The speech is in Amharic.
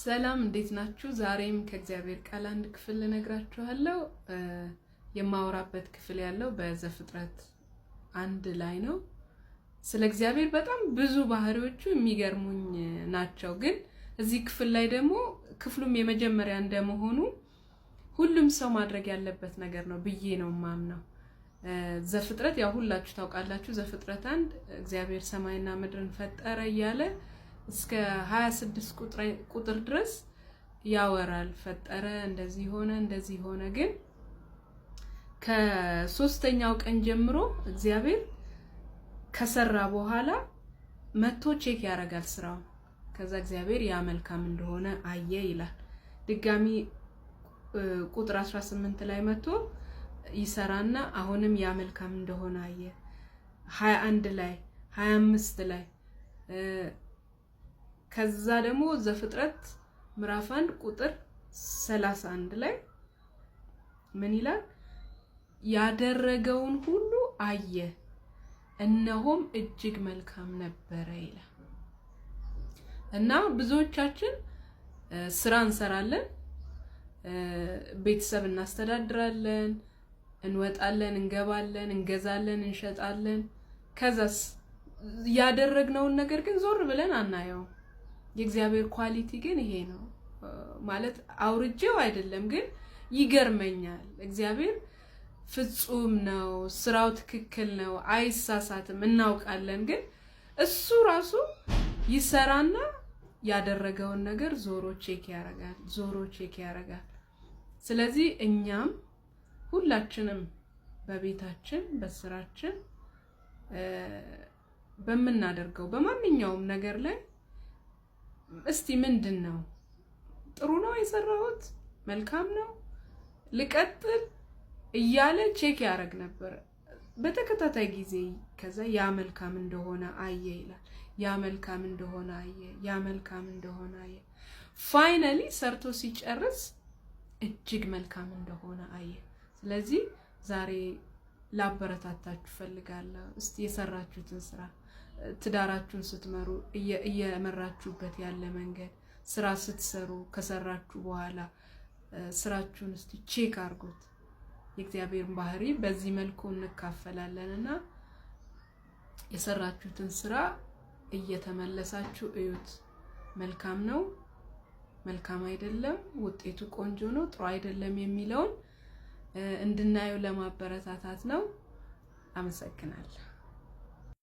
ሰላም እንዴት ናችሁ? ዛሬም ከእግዚአብሔር ቃል አንድ ክፍል ልነግራችኋለሁ። የማወራበት ክፍል ያለው በዘፍጥረት አንድ ላይ ነው። ስለ እግዚአብሔር በጣም ብዙ ባህሪዎቹ የሚገርሙኝ ናቸው። ግን እዚህ ክፍል ላይ ደግሞ ክፍሉም የመጀመሪያ እንደመሆኑ ሁሉም ሰው ማድረግ ያለበት ነገር ነው ብዬ ነው የማምነው። ዘፍጥረት ያው ሁላችሁ ታውቃላችሁ። ዘፍጥረት አንድ እግዚአብሔር ሰማይና ምድርን ፈጠረ እያለ እስከ 26 ቁጥር ድረስ ያወራል። ፈጠረ፣ እንደዚህ ሆነ፣ እንደዚህ ሆነ። ግን ከሶስተኛው ቀን ጀምሮ እግዚአብሔር ከሰራ በኋላ መቶ ቼክ ያደርጋል ስራውን። ከዛ እግዚአብሔር ያ መልካም እንደሆነ አየ ይላል። ድጋሚ ቁጥር 18 ላይ መቶ ይሰራና አሁንም ያ መልካም እንደሆነ አየ 21 ላይ 25 ላይ ከዛ ደግሞ ዘፍጥረት ምዕራፍ አንድ ቁጥር 31 ላይ ምን ይላል? ያደረገውን ሁሉ አየ እነሆም እጅግ መልካም ነበረ ይላል። እና ብዙዎቻችን ስራ እንሰራለን፣ ቤተሰብ እናስተዳድራለን፣ እንወጣለን፣ እንገባለን፣ እንገዛለን፣ እንሸጣለን። ከዛስ ያደረግነውን ነገር ግን ዞር ብለን አናየውም። የእግዚአብሔር ኳሊቲ ግን ይሄ ነው ማለት አውርጄው አይደለም፣ ግን ይገርመኛል። እግዚአብሔር ፍጹም ነው፣ ስራው ትክክል ነው፣ አይሳሳትም፣ እናውቃለን። ግን እሱ ራሱ ይሰራና ያደረገውን ነገር ዞሮ ቼክ ያረጋል፣ ዞሮ ቼክ ያረጋል። ስለዚህ እኛም ሁላችንም በቤታችን፣ በስራችን፣ በምናደርገው በማንኛውም ነገር ላይ እስቲ ምንድን ነው ጥሩ ነው የሰራሁት፣ መልካም ነው፣ ልቀጥል እያለ ቼክ ያደረግ ነበረ በተከታታይ ጊዜ። ከዛ ያ መልካም እንደሆነ አየ ይላል። ያ መልካም እንደሆነ አየ፣ ያ መልካም እንደሆነ አየ። ፋይናሊ ሰርቶ ሲጨርስ እጅግ መልካም እንደሆነ አየ። ስለዚህ ዛሬ ላበረታታችሁ ፈልጋለሁ። እስቲ የሰራችሁትን ስራ ትዳራችሁን ስትመሩ እየመራችሁበት ያለ መንገድ ስራ ስትሰሩ ከሰራችሁ በኋላ ስራችሁን እስቲ ቼክ አድርጉት። የእግዚአብሔርን ባህሪ በዚህ መልኩ እንካፈላለን እና የሰራችሁትን ስራ እየተመለሳችሁ እዩት። መልካም ነው፣ መልካም አይደለም፣ ውጤቱ ቆንጆ ነው፣ ጥሩ አይደለም የሚለውን እንድናየው ለማበረታታት ነው። አመሰግናለሁ።